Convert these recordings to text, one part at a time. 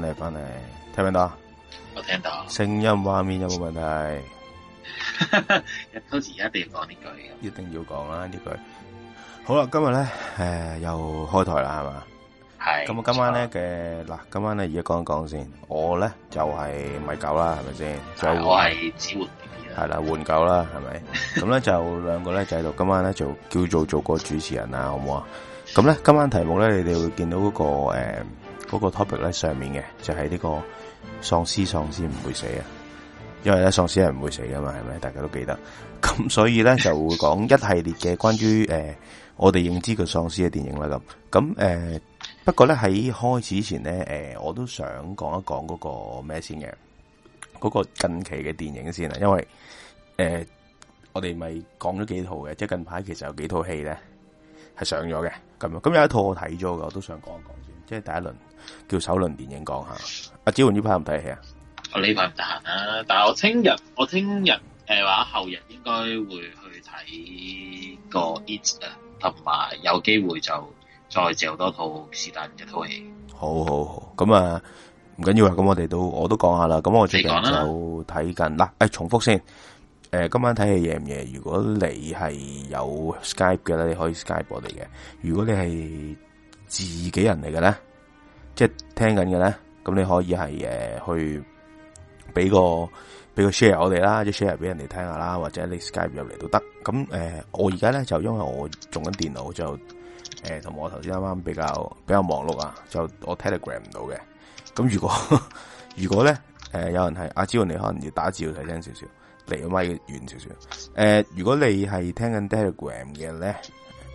你翻嚟，聽唔聽到？我聽到。聲音畫面有冇問題？一開始一定要講呢句，一定要講啦呢句。好啦，今日咧誒又開台啦，係嘛？係。咁我今晚咧嘅嗱，今晚咧而家講一講先。我咧就係咪狗啦，係咪先？就我係子活，係啦，換狗啦，係咪？咁咧就兩個咧就喺度，今晚咧就叫做做個主持人啦，好唔好啊？咁咧今晚題目咧，你哋會見到嗰個誒。嗰個 topic 咧，上面嘅就係、是、呢、這個喪屍，喪屍唔會死啊！因為咧喪屍係唔會死噶嘛，係咪？大家都記得咁，所以咧就會講一系列嘅關於誒、呃、我哋認知嘅喪屍嘅電影啦。咁咁誒，不過咧喺開始前咧誒、呃，我都想講一講嗰個咩先嘅，嗰、那個近期嘅電影先啊！因為誒、呃、我哋咪講咗幾套嘅，即係近排其實有幾套戲咧係上咗嘅。咁咁有一套我睇咗嘅，我都想講一講先，即係第一輪。叫首輪電影講下，阿招呢排唔睇戲啊？我呢排唔得閒啊，但係我聽日我聽日誒話後日應該會去睇個《It》啊，同埋有機會就再借多套是但一套戲。好好好，咁啊唔緊要啊，咁我哋都我都講下啦。咁我最近就睇緊啦誒重複先，誒、呃、今晚睇戲夜唔夜？如果你係有 Skype 嘅咧，你可以 Skype 我哋嘅；如果你係自己人嚟嘅咧。即係聽緊嘅咧，咁你可以係誒、呃、去俾個俾個 share 我哋啦，即 share 俾人哋聽下啦，或者你 Skype 入嚟都得。咁誒、呃，我而家咧就因為我做緊電腦就誒，同、呃、埋我頭先啱啱比較比較忙碌啊，就我 telegram 唔到嘅。咁如果呵呵如果咧誒、呃，有人係阿招，啊、你可能要打字要睇聽少少，離個麥遠少少。誒、呃，如果你係聽緊 telegram 嘅咧。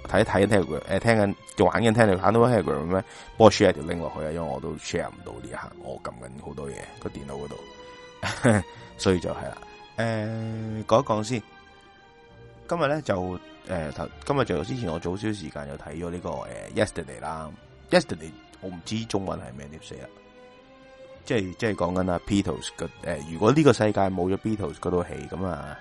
睇睇 t e 聽佢誒聽緊玩緊聽你玩到 Telegram 咩？幫我 share 條 link 落去啊，因為我都 share 唔到呢一下，我撳緊好多嘢，個電腦嗰度，所以就係、是、啦。誒、 呃，講一講先。今日咧就誒、呃、今日就之前我早少時間就睇咗呢個誒、呃、yesterday 啦。yesterday 我唔知中文係咩點寫啦，即、就、係、是、即係、就、講、是、緊啊 Beatles 誒、呃，如果呢個世界冇咗 Beatles 嗰套戲咁啊。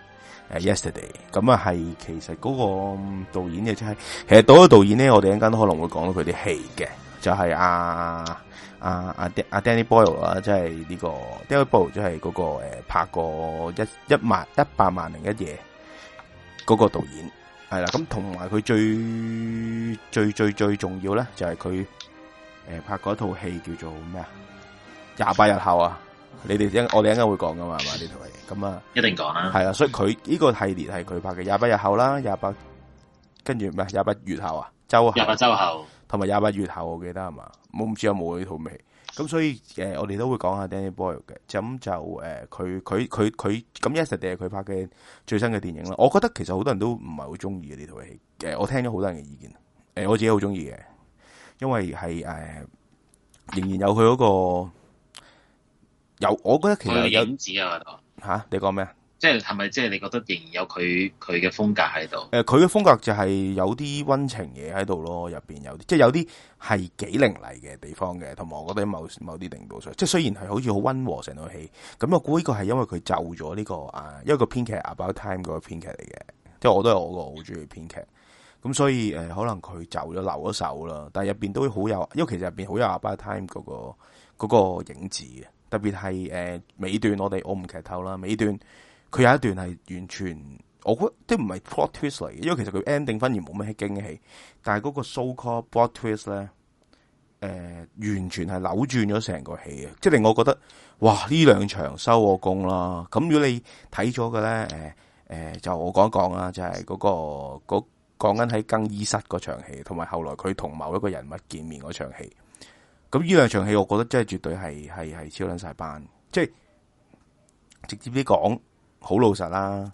誒，yesterday 咁啊，係其實嗰個導演嘅即係，其實到咗導演咧，我哋一陣間可能會講到佢啲戲嘅，就係，是，阿啊阿阿，啊啊，Danny Boyle 啦，這個，即係呢個 Danny Boyle，即係嗰個誒拍過一一萬一百萬零一夜嗰個導演係啦，咁同埋佢最最最最重要咧，就係佢誒拍嗰套戲叫做咩啊廿八日後啊！你哋應我哋應該會講噶嘛？嘛呢套戲咁啊，一定講啦、啊。係啦，所以佢呢個系列係佢拍嘅廿八日後啦，廿八跟住咩？廿八月後啊，周啊，廿八周後，同埋廿八月後，我記得係嘛、呃，我唔知有冇呢套戲。咁所以誒，我哋都會講下 Danny Boyle 嘅。咁就誒，佢佢佢佢咁 Yesterday 佢、嗯、拍嘅最新嘅電影啦。我覺得其實好多人都唔係好中意呢套戲。誒、呃，我聽咗好多人嘅意見。誒、呃，我自己好中意嘅，因為係誒、呃，仍然有佢嗰、個。有，我覺得其實有,有影子啊，吓你講咩啊？即係係咪即係你覺得仍然有佢佢嘅風格喺度？誒、呃，佢嘅風格就係有啲温情嘢喺度咯，入邊有啲，即係有啲係幾凌厲嘅地方嘅，同埋我覺得某某啲程度上，即係雖然係好似好温和成套戲，咁我估呢個係因為佢就咗呢、這個啊，一個編劇 About Time 嗰個編劇嚟嘅，即係我都係我個好中意編劇，咁所以誒、呃、可能佢就咗留咗手啦，但係入邊都好有，因為其實入邊好有 About Time 嗰、那個、那個影子嘅。特別係誒、尾段，我哋我唔劇透啦。尾段佢有一段係完全，我覺都唔係 plot twist 嚟嘅，因為其實佢 ending 反而冇咩驚喜。但係嗰個 so called plot twist 咧，誒、呃、完全係扭轉咗成個戲，即係我覺得哇呢兩場收我工啦。咁如果你睇咗嘅咧，誒、呃、誒、呃、就我講一講啦，就係、是、嗰、那個嗰講緊喺更衣室嗰場戲，同埋後來佢同某一個人物見面嗰場戲。咁呢兩場戲，我覺得真係絕對係係係超捻晒班，即係直接啲講，好老實啦。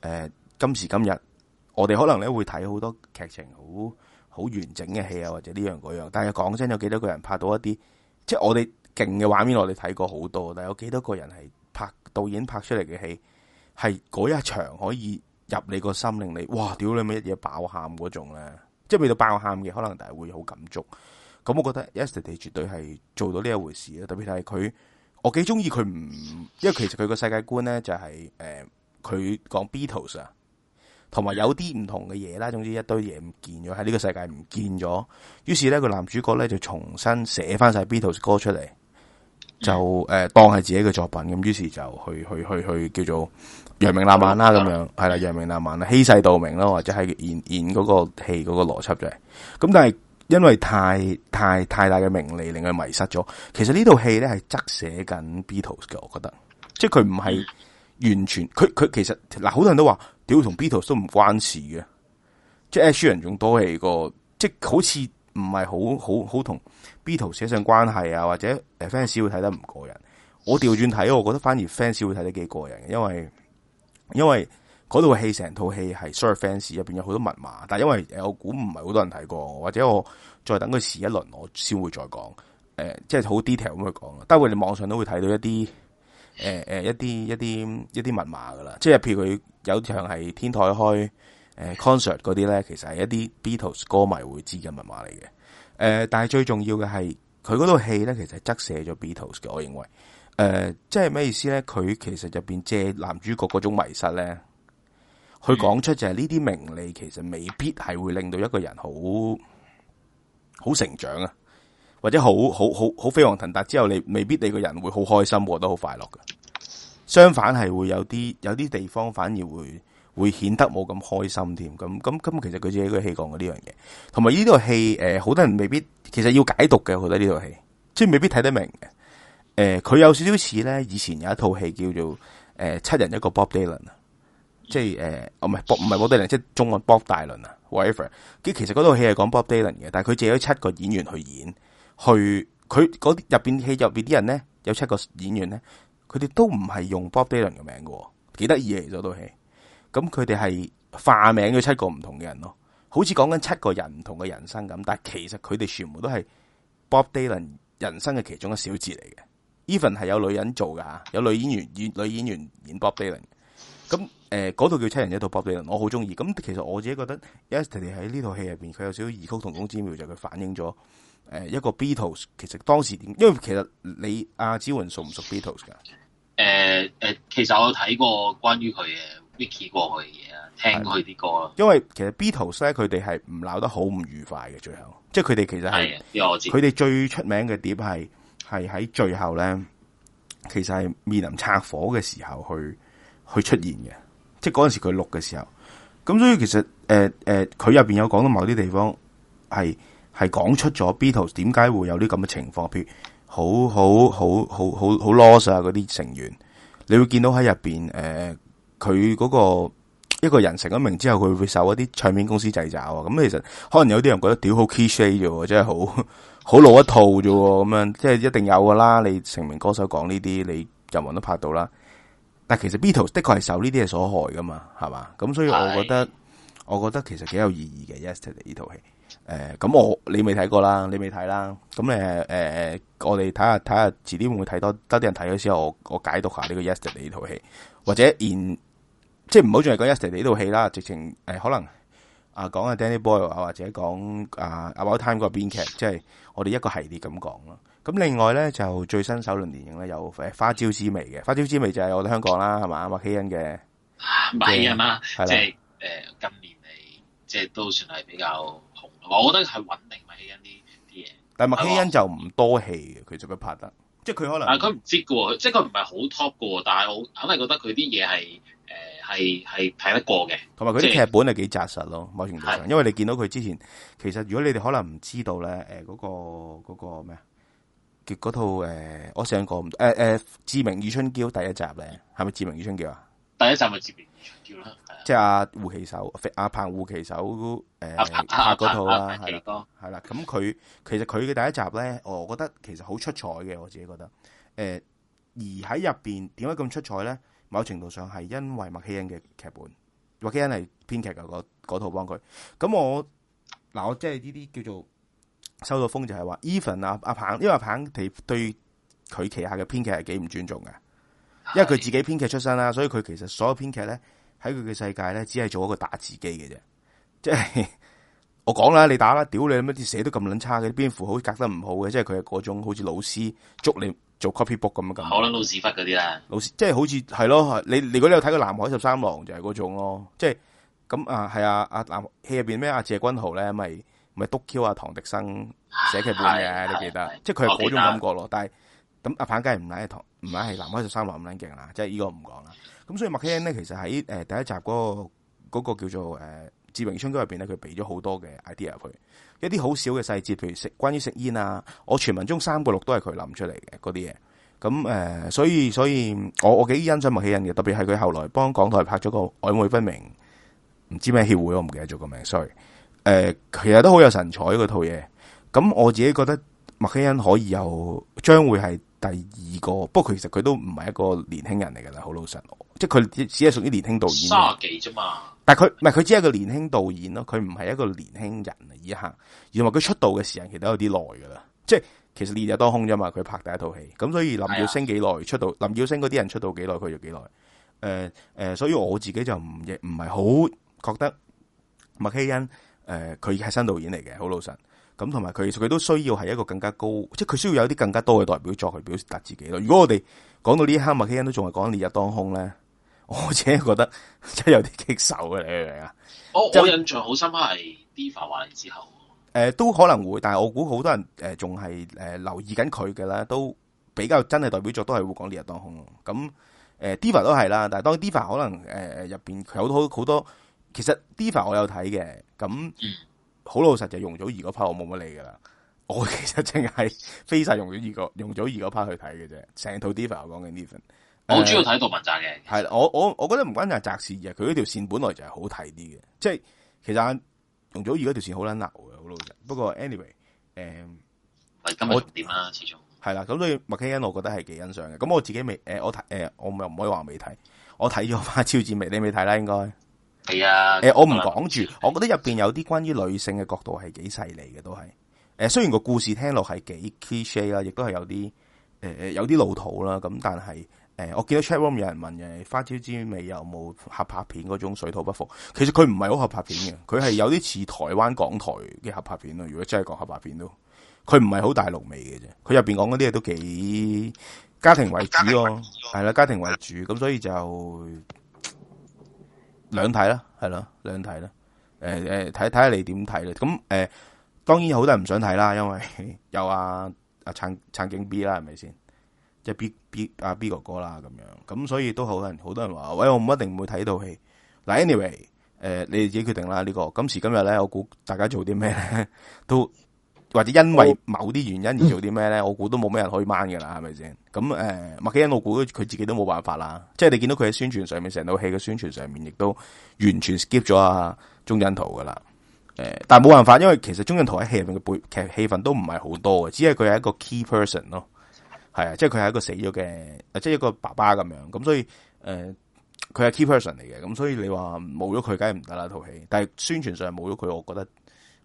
誒、呃，今時今日，我哋可能咧會睇好多劇情好好完整嘅戲啊，或者呢樣嗰樣。但係講真，有幾多個人拍到一啲，即係我哋勁嘅畫面，我哋睇過好多，但係有幾多個人係拍導演拍出嚟嘅戲，係嗰一場可以入你個心令你哇，屌你乜嘢爆喊嗰種咧，即係未到爆喊嘅，可能但係會好感觸。咁我覺得 Yesterday 絕對係做到呢一回事啦，特別係佢，我幾中意佢唔，因為其實佢個世界觀咧就係、是、誒，佢講 Beatles 啊，Be les, 同埋有啲唔同嘅嘢啦，總之一堆嘢唔見咗，喺呢個世界唔見咗，於是咧個男主角咧就重新寫翻晒 Beatles 歌出嚟，就誒、呃、當係自己嘅作品咁，於是就去去去去叫做揚名立萬啦，咁樣係啦，揚名立萬啦，欺世盜名啦，或者係演演嗰個戲嗰個邏輯就係、是，咁但係。因為太太太大嘅名利令佢迷失咗。其實呢套戲咧係側寫緊 Beatles 嘅，我覺得，即係佢唔係完全，佢佢其實嗱好多人都話，屌同 Beatles 都唔關事嘅，即係 a s h 仲多係個，即係好似唔係好好好同 Beatles 寫上關係啊，或者 fans 會睇得唔過癮。我調轉睇，我覺得反而 fans 會睇得幾過癮，因為因為。因為嗰套戲，成套戲係《Sorry Fans》入邊有好多密碼，但係因為誒我估唔係好多人睇過，或者我再等佢試一輪，我先會再講。誒、呃，即係好 detail 咁去講。但係我哋網上都會睇到一啲，誒、呃、誒、呃、一啲一啲一啲密碼噶啦。即係譬如佢有場係天台開誒、呃、concert 嗰啲咧，其實係一啲 Beatles 歌迷會知嘅密碼嚟嘅。誒、呃，但係最重要嘅係佢嗰套戲咧，其實係側寫咗 Beatles 嘅。我認為，誒、呃，即係咩意思咧？佢其實入邊借男主角嗰種迷失咧。佢講出就係呢啲名利，其實未必係會令到一個人好好成長啊，或者好好好好飛黃騰達之後你，你未必你個人會好開心，過得好快樂嘅。相反係會有啲有啲地方反而會會顯得冇咁開心添。咁咁咁，其實佢自己個戲講嘅呢樣嘢。同埋呢套戲，誒、呃，好多人未必其實要解讀嘅。我覺得呢套戲即係未必睇得明嘅。誒、呃，佢有少少似咧，以前有一套戲叫做《誒、呃、七人一個 Bob Dylan》即係誒，唔係 Bob，唔係 Bob Dylan，即係中國 Bob Dylan 啊，Whatever。其實嗰套戲係講 Bob Dylan 嘅，但佢借咗七個演員去演，去佢嗰入面戲入面啲人咧有七個演員咧，佢哋都唔係用 Bob Dylan 嘅名喎，幾得意啊！嗰套戲。咁佢哋係化名咗七個唔同嘅人咯，好似講緊七個人唔同嘅人生咁，但其實佢哋全部都係 Bob Dylan 人生嘅其中一小節嚟嘅。Even 係有女人做㗎，有女演員演女演員演 Bob Dylan。咁誒，嗰套、呃、叫《七人一套》八人，我好中意。咁其實我自己覺得，Yesterday 喺呢套戲入邊，佢有少少異曲同工之妙，就佢、是、反映咗誒、呃、一個 Beatles。其實當時點？因為其實你阿子云熟唔熟 Beatles 噶？誒誒、呃呃、其實我睇過關於佢嘅 Wiki 過去嘅嘢啦，聽佢啲歌啦。因為其實 Beatles 咧，佢哋係唔鬧得好唔愉快嘅，最後即係佢哋其實係，佢哋最出名嘅碟係係喺最後咧，其實係面臨拆夥嘅時候去去出現嘅。即係嗰陣時佢錄嘅時候，咁所以其實誒誒，佢入邊有講到某啲地方係係講出咗 Beatles 點解會有啲咁嘅情況，譬如好好好好好好 loss 啊嗰啲成員，你會見到喺入邊誒，佢、呃、嗰個一個人成咗名之後，佢會受一啲唱片公司掣肘啊。咁其實可能有啲人覺得屌好 key shape 啫，真係好好老一套啫，咁樣即係一定有噶啦。你成名歌手講呢啲，你任何人都拍到啦。但其實 Beatles 的確係受呢啲嘢所害噶嘛，係嘛？咁所以我覺得，是我覺得其實幾有意義嘅 Yesterday 呢套戲。誒、呃，咁我你未睇過啦，你未睇啦。咁你，誒、嗯呃，我哋睇下睇下，遲啲會唔會睇多多啲人睇咗之後我，我解讀下呢、這個 Yesterday 呢套戲，或者連即係唔好再係講 Yesterday 呢套戲啦，直情誒、呃，可能啊講下 Danny Boyle 啊，Boy, 或者講啊 About Time 個編劇，即係我哋一個系列咁講咯。咁另外咧，就最新首輪電影咧，有《花椒之味》嘅《花椒之味》，就係我哋香港啦，係嘛，麥希恩嘅啊，麥希恩啦，即係近年嚟，即係都算係比較紅。嗯、我覺得係穩定麥希恩啲啲嘢。但係麥希恩就唔多戲嘅，佢做咩拍得？即係佢可能啊，佢唔知嘅喎，即係佢唔係好 top 嘅喎，但係我肯定覺得佢啲嘢係誒係係睇得過嘅。同埋佢啲劇本係幾紮實咯，某程度上，的因為你見到佢之前其實如果你哋可能唔知道咧嗰、嗰個咩啊？嗰個佢嗰套誒，我想講唔誒誒《志明與春嬌》第一集咧，係咪《志明與春嬌》啊？第一集咪《志明與春嬌》咯，即係阿浩翔，阿彭浩翔誒拍嗰套啦，係啦，咁佢其實佢嘅第一集咧，我覺得其實好出彩嘅，我自己覺得誒，而喺入邊點解咁出彩咧？某程度上係因為麥曦茵嘅劇本，麥曦茵係編劇嘅嗰套幫佢。咁我嗱，我即係呢啲叫做。收到風就係話，even 啊阿彭，因為阿彭對佢旗下嘅編劇係幾唔尊重嘅，是的 因為佢自己編劇出身啦，所以佢其實所有編劇咧喺佢嘅世界咧，只係做一個打字機嘅啫。即係我講啦，你打啦，屌你乜啲寫得咁撚差嘅，啲符號隔得唔好嘅，即係佢係嗰種好似老師捉你做 copybook 咁啊咁，好撚老屎忽嗰啲啦，老師即係好似係咯，你如果你有睇過《南海十三郎》就係嗰種咯，即係咁啊係啊阿南戲入邊咩阿謝君豪咧咪？就是咪督 Q 啊，ok、io, 唐迪生寫劇本嘅、啊、你記得，啊、即係佢係嗰種感覺咯。啊、但係咁、嗯、阿彭雞係唔係係唐唔係係南海十、就是、三郎咁撚勁啦？即係呢個唔講啦。咁所以麥曦茵呢，其實喺誒第一集嗰、嗰個嗰個叫做誒志明春嬌入邊咧，佢俾咗好多嘅 idea 入去，一啲好少嘅細節，譬如食關於食煙啊。我傳聞中三部六都係佢諗出嚟嘅嗰啲嘢。咁誒，所以所以，我我幾欣賞麥曦茵嘅，特別係佢後來幫港台拍咗個曖昧不明，唔知咩協會，我唔記得咗個名，sorry。誒、呃，其實都好有神采嗰套嘢，咁我自己覺得麥希恩可以有，將會係第二個。不過他其實佢都唔係一個年輕人嚟噶啦，好老實，即係佢只係屬於年輕導,導演。卅幾啫嘛，但係佢唔係佢只係一個年輕導演咯，佢唔係一個年輕人以下，而話佢出道嘅時間其實都有啲耐噶啦，即係其實烈日當空啫嘛，佢拍第一套戲，咁所以林耀星幾耐出道，林耀星嗰啲人出道幾耐，佢就幾耐。誒、呃、誒、呃，所以我自己就唔亦唔係好覺得麥希恩。誒，佢係、呃、新導演嚟嘅，好老實。咁同埋佢，佢都需要係一個更加高，即係佢需要有啲更加多嘅代表作去表達自己咯。如果我哋講到呢一刻，麥基恩都仲係講烈日當空咧，我真係覺得真係有啲棘手嘅嚟啊！你我我印象好深刻係 Diva 玩完之後、呃，誒都可能會，但係我估好多人仲係、呃、留意緊佢嘅啦，都比較真係代表作都係會講烈日當空。咁、嗯呃、Diva 都係啦，但係當 Diva 可能誒入邊有好好多。其實 Diva 我有睇嘅，咁好、嗯、老實就容祖兒嗰 part 我冇乜理噶啦。我其實淨係飛晒容祖兒個容祖兒嗰 part 去睇嘅啫，成套 Diva 我講緊呢份、呃、我主要睇杜汶澤嘅係我我我覺得唔關陣係澤事嘅，佢嗰條線本來就係好睇啲嘅，即係其實容祖兒嗰條線好捻流嘅，好老實。不過 anyway，誒、呃，啊、我點啦，始終係啦。咁所以麥曦茵我覺得係幾欣賞嘅。咁我自己未誒、呃，我睇誒、呃，我唔又唔可以話未睇，我睇咗花椒之味未？你未睇啦，應該。係啊，誒、呃，我唔講住，嗯、我覺得入邊有啲關於女性嘅角度係幾細膩嘅，都係，誒、呃，雖然個故事聽落係幾 cliché 啦，亦都係有啲，誒誒，有啲老土啦，咁但係，誒、呃，我見到 chat room 有人問嘅《花椒之味》有冇合拍片嗰種水土不服？其實佢唔係好合拍片嘅，佢係有啲似台灣港台嘅合拍片咯。如果真係講合拍片都，佢唔係好大陸味嘅啫，佢入邊講嗰啲嘢都幾家庭為主咯，係啦，家庭為主，咁所以就。兩睇啦，係咯，兩睇啦，誒誒，睇睇下你點睇啦，咁誒、呃，當然有好多人唔想睇啦，因為有阿阿陳景 B 啦，係咪先？即、就、係、是、B B 阿、啊、B 哥哥啦，咁樣，咁所以都好多人，好多人話：喂，我唔一定唔會睇套戲。嗱，anyway，誒、呃，你哋自己決定啦。呢、這個今時今日咧，我估大家做啲咩咧都。或者因為某啲原因而做啲咩咧，我估都冇咩人可以掹嘅啦，係咪先？咁誒麥基恩，嗯、我估佢自己都冇辦法啦。即係你見到佢喺宣傳上面成套戲嘅宣傳上面，亦都完全 skip 咗啊鐘欣圖噶啦。誒、嗯，但係冇辦法，因為其實鐘欣圖喺戲入面嘅背劇戲份都唔係好多嘅，只係佢係一個 key person 咯。係啊，即係佢係一個死咗嘅，即係一個爸爸咁樣。咁所以誒，佢、呃、係 key person 嚟嘅。咁所以你話冇咗佢，梗係唔得啦套戲。但係宣傳上冇咗佢，我覺得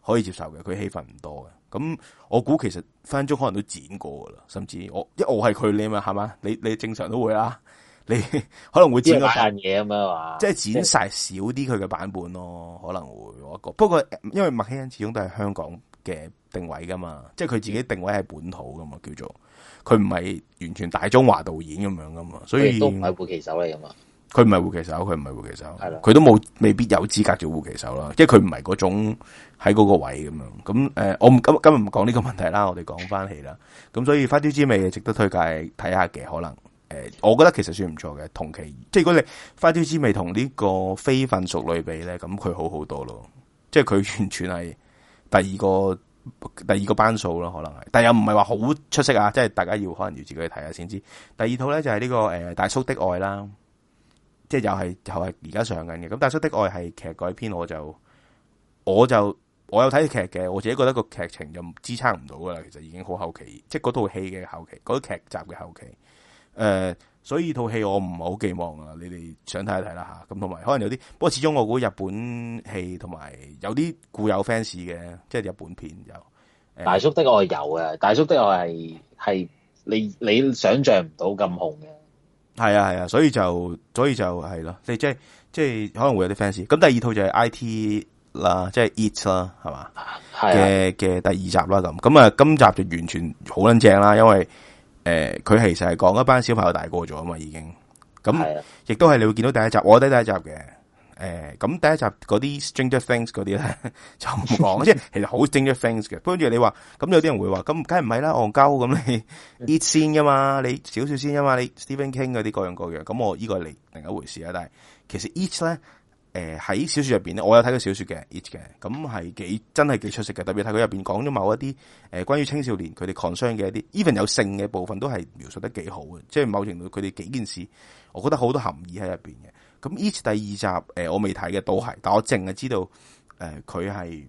可以接受嘅。佢戲份唔多嘅。咁、嗯、我估其實返中可能都剪過噶啦，甚至我一我係佢咧嘛，係嘛？你你正常都會啦，你可能會剪個嘢，咁樣話即係剪晒少啲佢嘅版本咯，可能會我一個。 不過因為麥希恩始終都係香港嘅定位噶嘛，即係佢自己定位係本土噶嘛，叫做佢唔係完全大中華導演咁樣噶嘛，所以都唔係護旗手嚟噶嘛。佢唔係護旗手，佢唔係護旗手，係啦的，佢都冇，未必有資格做護旗手啦。即係佢唔係嗰種喺嗰個位咁樣咁。誒、呃，我唔今今日唔講呢個問題啦，我哋講翻起啦。咁所以花椒之味值得推介睇下嘅，可能誒、呃，我覺得其實算唔錯嘅。同期即係如果你花椒之味同呢個非分熟女比咧，咁佢好好多咯，即係佢完全係第二個第二個班數咯，可能係，但又唔係話好出色啊，即係大家要可能要自己去睇下先知。第二套咧就係、是、呢、這個誒、呃、大叔的愛啦。即係又係又係而家上緊嘅，咁大叔的愛係劇改編，我就我就我有睇劇嘅，我自己覺得個劇情就支撐唔到噶啦，其實已經好後期，即係嗰套戲嘅後期，嗰啲劇集嘅後期，誒、呃，所以套戲我唔係好寄望啊。你哋想睇一睇啦吓，咁同埋可能有啲，不過始終我估日本戲同埋有啲固有 fans 嘅，即係日本片就。呃、大叔的愛有嘅，大叔的愛係係你你想象唔到咁紅嘅。係啊係啊，所以就所以就係咯、啊，即係即係可能會有啲 fans。咁第二套就係 I T 啦，即係 It 啦，係嘛嘅嘅第二集啦咁。咁啊，今集就完全好撚正啦，因為誒佢、呃、其實係講一班小朋友大個咗啊嘛，已經咁、啊、亦都係你會見到第一集，我覺得第一集嘅。誒，咁、呃、第一集嗰啲 Stranger Things 嗰啲咧就唔講，即係 其實好 Stranger Things 嘅。跟住你話，咁有啲人會話，咁梗係唔係啦，戇鳩咁你 It 先噶嘛，你少少先噶嘛，你 Stephen King 嗰啲各樣各樣。咁我呢個係另一回事啊。但係其實 It 咧，誒、呃、喺小說入邊咧，我有睇過小說嘅 It 嘅，咁係幾真係幾出色嘅。特別睇佢入邊講咗某一啲誒，關於青少年佢哋 concern 嘅一啲，even 有性嘅部分都係描述得幾好嘅。即係某程度佢哋幾件事，我覺得好多含義喺入邊嘅。咁呢次第二集，誒，我未睇嘅都係，但我淨係知道，誒，佢係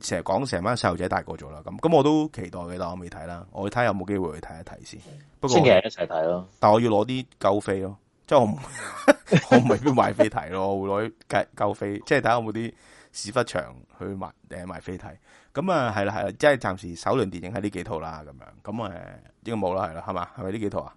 成日講成班細路仔大個咗啦。咁，咁我都期待嘅，但我未睇啦。我睇下有冇機會去睇一睇先。不過星期日一齊睇咯，但我要攞啲舊飛咯，即係我我唔係去買飛睇咯，會攞啲舊飛，即係睇下有冇啲屎忽場去買訂買飛睇。咁啊，係啦係啦，即係暫時首輪電影喺呢幾套啦，咁樣。咁啊，應該冇啦，係啦，係嘛？係咪呢幾套啊？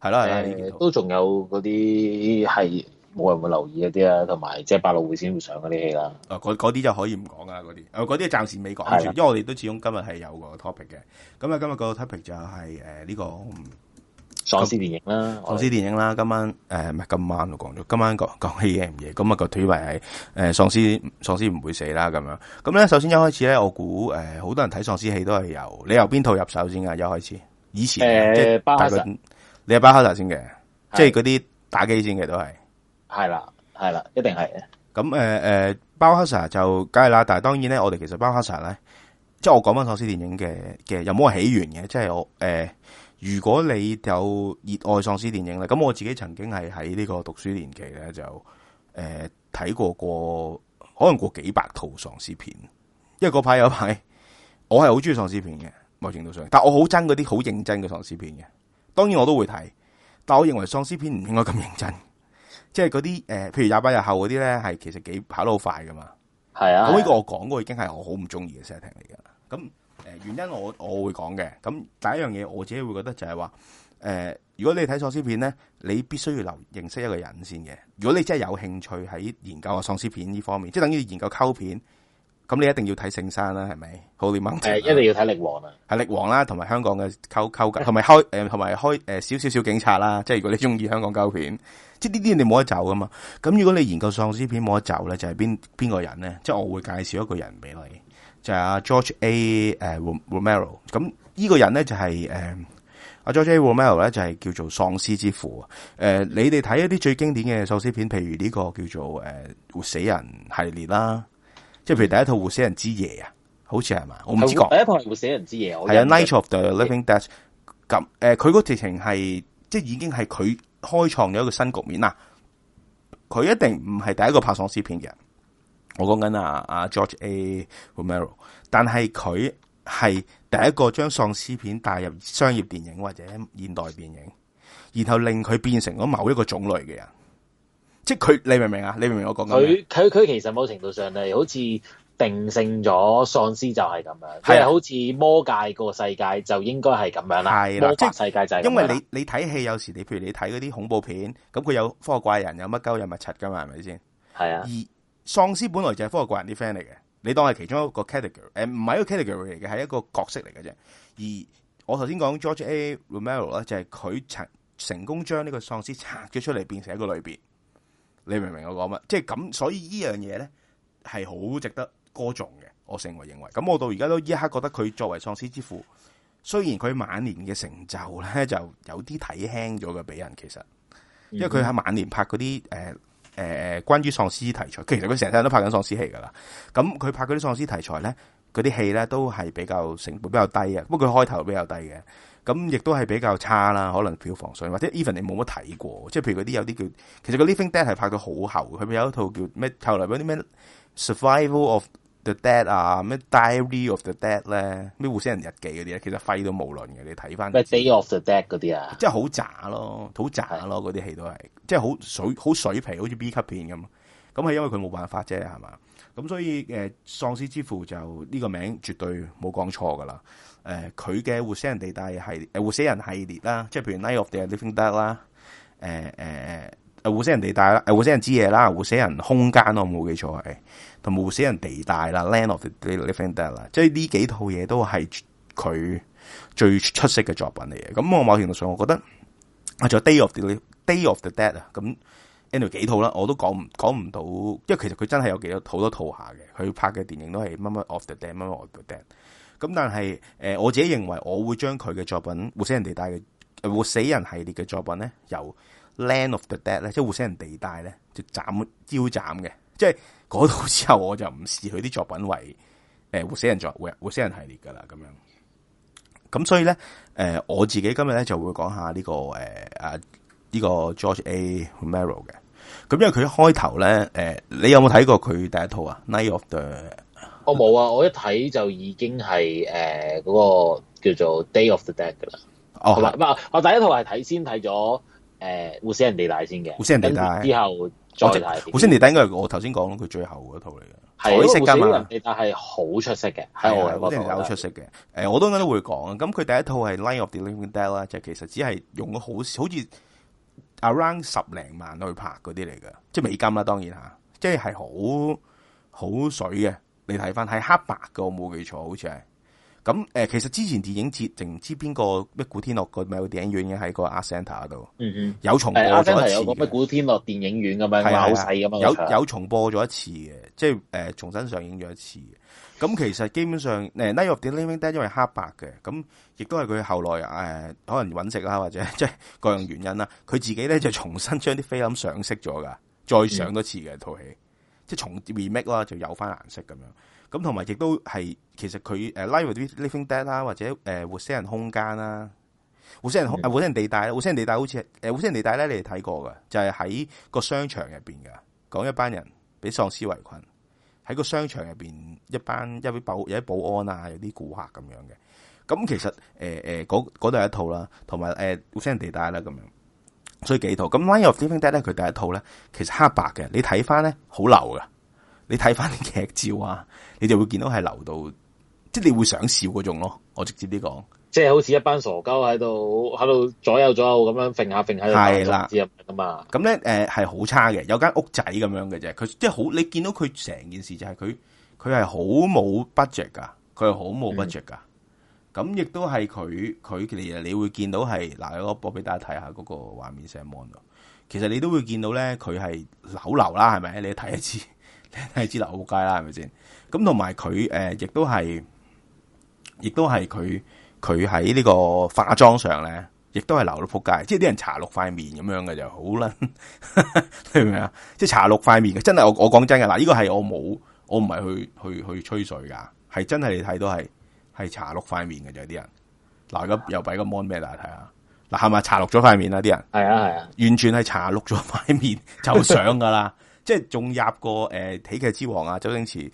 係啦，係呢幾套。都仲有嗰啲係。冇人會留意嗰啲啦，同埋即係百老匯先會上嗰啲戲啦。嗰啲、啊、就可以唔講啦，嗰啲嗰啲暫時未講，的因為我哋都始終今日係有個 topic 嘅。咁啊，今日個 topic 就係誒呢個喪屍電影啦，喪屍電影啦。今晚誒唔係今晚就講咗，今晚講講戲夜唔夜。咁啊個推位係誒喪屍，喪屍唔會死啦咁樣。咁咧首先一開始咧，我估誒好多人睇喪屍戲都係由你由邊套入手先噶，一開始以前誒。呃、你係巴卡特先嘅，的即係嗰啲打機先嘅都係。係啦，係啦，一定係。咁誒誒，包黑沙就梗係啦，但係當然咧，我哋其實包黑沙咧，即係我講翻喪屍電影嘅嘅，有冇起源嘅？即係我誒、呃，如果你有熱愛喪屍電影呢，咁我自己曾經係喺呢個讀書年紀咧，就誒睇、呃、過過可能過幾百套喪屍片，因為嗰排有一排我係好中意喪屍片嘅，某程度上，但我好憎嗰啲好認真嘅喪屍片嘅。當然我都會睇，但我認為喪屍片唔應該咁認真。即係嗰啲誒，譬如廿八日後嗰啲咧，係其實幾跑得好快噶嘛。係啊。咁呢個我講過已經係我好唔中意嘅 setting 嚟嘅。咁誒、呃，原因我我會講嘅。咁第一樣嘢，我自己會覺得就係話誒，如果你睇喪屍片咧，你必須要留認識一個人先嘅。如果你真係有興趣喺研究個喪屍片呢方面，即係等於研究溝片，咁你一定要睇聖山啦，係咪？好 Holy Mountain 係，一定要睇力王啊，係力王啦，同埋香港嘅溝溝同埋開誒，同埋開誒，少少少警察啦，即係如果你中意香港溝片。即呢啲你冇得走噶嘛。咁如果你研究喪屍片冇得走咧，就係邊邊個人咧？即係我會介紹一個人俾你，就係、是、阿 Ge、就是嗯、George A. 誒 Romero。咁呢個人咧就係誒阿 George A. Romero 咧就係叫做喪屍之父。誒、呃，你哋睇一啲最經典嘅喪屍片，譬如呢個叫做誒、呃、活死人系列啦，即係譬如第一套活死人之夜啊，好似係嘛？我唔知。第一套係活死人之夜，係《啊、Night of the Living Dead》。咁、呃、誒，佢嗰直情係即係已經係佢開創咗一個新局面啊。佢一定唔係第一個拍喪屍片嘅，我講緊啊 George A. Romero，但係佢係第一個將喪屍片帶入商業電影或者現代電影，然後令佢變成咗某一個種類嘅人，即係佢你明唔明啊？你明唔明我講緊？佢佢佢其實某程度上係好似。定性咗喪屍就係咁樣，係啊，好似魔界個世界就應該係咁樣啦，係啦、啊，即世界就因為你你睇戲有時你譬如你睇嗰啲恐怖片，咁佢有科學怪人，有乜鳩，有乜柒噶嘛，係咪先？係啊。而喪屍本來就係科學怪人啲 friend 嚟嘅，你當係其中一個 category，誒唔係一個 category 嚟嘅，係一個角色嚟嘅啫。而我頭先講 George A. Romero 咧，就係佢成成功將呢個喪屍拆咗出嚟，變成一個類別。你明唔明我講乜？即係咁，所以呢樣嘢咧係好值得。歌頌嘅，我成為認為，咁我到而家都依一刻覺得佢作為喪屍之父，雖然佢晚年嘅成就咧就有啲睇輕咗嘅俾人，其實，因為佢喺晚年拍嗰啲誒誒誒關於喪屍題材，其實佢成世都拍緊喪屍戲噶啦。咁佢拍嗰啲喪屍題材咧，嗰啲戲咧都係比較成本比較低嘅，不過佢開頭比較低嘅，咁亦都係比較差啦，可能票房上或者 even 你冇乜睇過，即係譬如嗰啲有啲叫，其實個 Living Dead 係拍到好後，佢咪有一套叫咩後來嗰啲咩 survival of The Dead 啊，咩 Diary of the Dead 咧，咩活死人日記嗰啲咧，其實廢到無論嘅，你睇翻。咩 Day of the Dead 嗰啲啊，即係好渣咯，好渣咯，嗰啲戲都係，即係好水，好水皮，好似 B 級片咁。咁係因為佢冇辦法啫，係嘛？咁所以誒、呃，喪屍之父就呢、呢個名絕對冇講錯噶啦。誒、呃，佢嘅活死人地帶係誒活死人系列啦，即係譬如 Night of the Living Dead 啦，誒、呃呃呃活死人地帶啦，活死人之夜啦，活死人空間我冇記錯係同活死人地帶啦，Land of the Living Dead 啦，即係呢幾套嘢都係佢最出色嘅作品嚟嘅。咁我某程度上，我覺得我仲有 Day of the Day, Day of the Dead 啊，咁呢幾套啦，我都講唔講唔到，因為其實佢真係有幾多好多套下嘅，佢拍嘅電影都係乜乜 Of the Dead，乜乜 Of the Dead。咁但係誒，我自己認為，我會將佢嘅作品活死人地帶嘅活死人系列嘅作品咧，由 Land of the Dead 咧，即係活死人地帶咧，就斬腰斬嘅。即係嗰度之後，我就唔視佢啲作品為誒、欸、活死人作活死人系列噶啦。咁樣咁所以咧，誒、呃、我自己今日咧就會講下呢、這個誒啊呢個 George A. Romero 嘅。咁因為佢一開頭咧，誒、呃、你有冇睇過佢第一套啊？Night of the 我冇啊，我一睇就已經係誒嗰個叫做 Day of the Dead 噶啦。哦，係唔係我第一套係睇先睇咗。誒，活、呃、死人地帶先嘅，活死人地帶之後再活死人地帶，應該係我頭先講佢最後嗰套嚟嘅，是彩色噶嘛，但係好出色嘅，係的一定係好出色嘅。誒，我剛剛都啱啱會講咁佢第一套係《Line of the Living Dead》啦，就其實只係用咗好好似 around 十零萬去拍嗰啲嚟嘅，即係美金啦，當然吓，即係好好水嘅。你睇翻係黑白嘅，我冇記錯，好似係。咁其實之前電影節定唔知邊個咩古天樂個咪有電影院嘅喺、嗯嗯、個阿星塔度，有重播咗一次。阿有個咩古天樂電影院咁樣，好細咁有有重播咗一次嘅，即係重新上映咗一次。咁 其實基本上誒《Night of the Living Dead》，因為黑白嘅，咁亦都係佢後來可能揾食啦，或者即係各樣原因啦，佢自己咧就重新將啲菲林上色咗噶，再上多次嘅套戲，嗯、即係重 remake 啦，就有翻顏色咁樣。咁同埋亦都係。其實佢誒《Living Dead》啦，或者誒、呃《活死人空間》啦，《活死人空》誒的、啊《活死人地帶》啦，呃《活死人地帶》好似誒《活死人地帶》咧，你哋睇過噶，就係喺個商場入邊㗎。講一班人俾喪屍圍困喺個商場入邊，一班一啲保有保安啊，有啲顧客咁樣嘅。咁其實誒誒嗰度係一套啦，同埋誒《活死人地帶》啦咁樣，所以幾套。咁《Living Dead》咧，佢第一套咧，其實黑白嘅，你睇翻咧好流噶，你睇翻啲劇照啊，你就會見到係流到。即係你會想笑嗰種咯，我直接啲講，即係好似一班傻鳩喺度喺度左右左右咁樣揈下揈下，係啦、啊，咁唔知啊嘛？咁咧誒，係好差嘅，有間屋仔咁樣嘅啫，佢即係好你見到佢成件事就係佢佢係好冇 budget 噶佢係好冇 budget 噶咁亦都係佢佢其實你你會見到係嗱，有我播俾大家睇下嗰個畫面 screen 其實你都會見到咧，佢係扭流啦，係咪？你睇一次睇一次流好街啦，係咪先？咁同埋佢誒，亦都係。亦都係佢佢喺呢個化妝上咧，亦都係流到撲街。即係啲人搽綠塊面咁樣嘅就好啦，明唔明啊？即係搽綠塊面嘅，真係我我講真嘅。嗱，呢個係我冇，我唔係去去去吹水噶，係真係你睇到係係搽綠塊面嘅就啲人。嗱咁又俾個 mon 咩？大家睇下嗱係咪搽綠咗塊面啊？啲人係啊係啊，完全係搽綠咗塊面就上噶啦， 即係仲入過誒、呃、喜劇之王啊，周星馳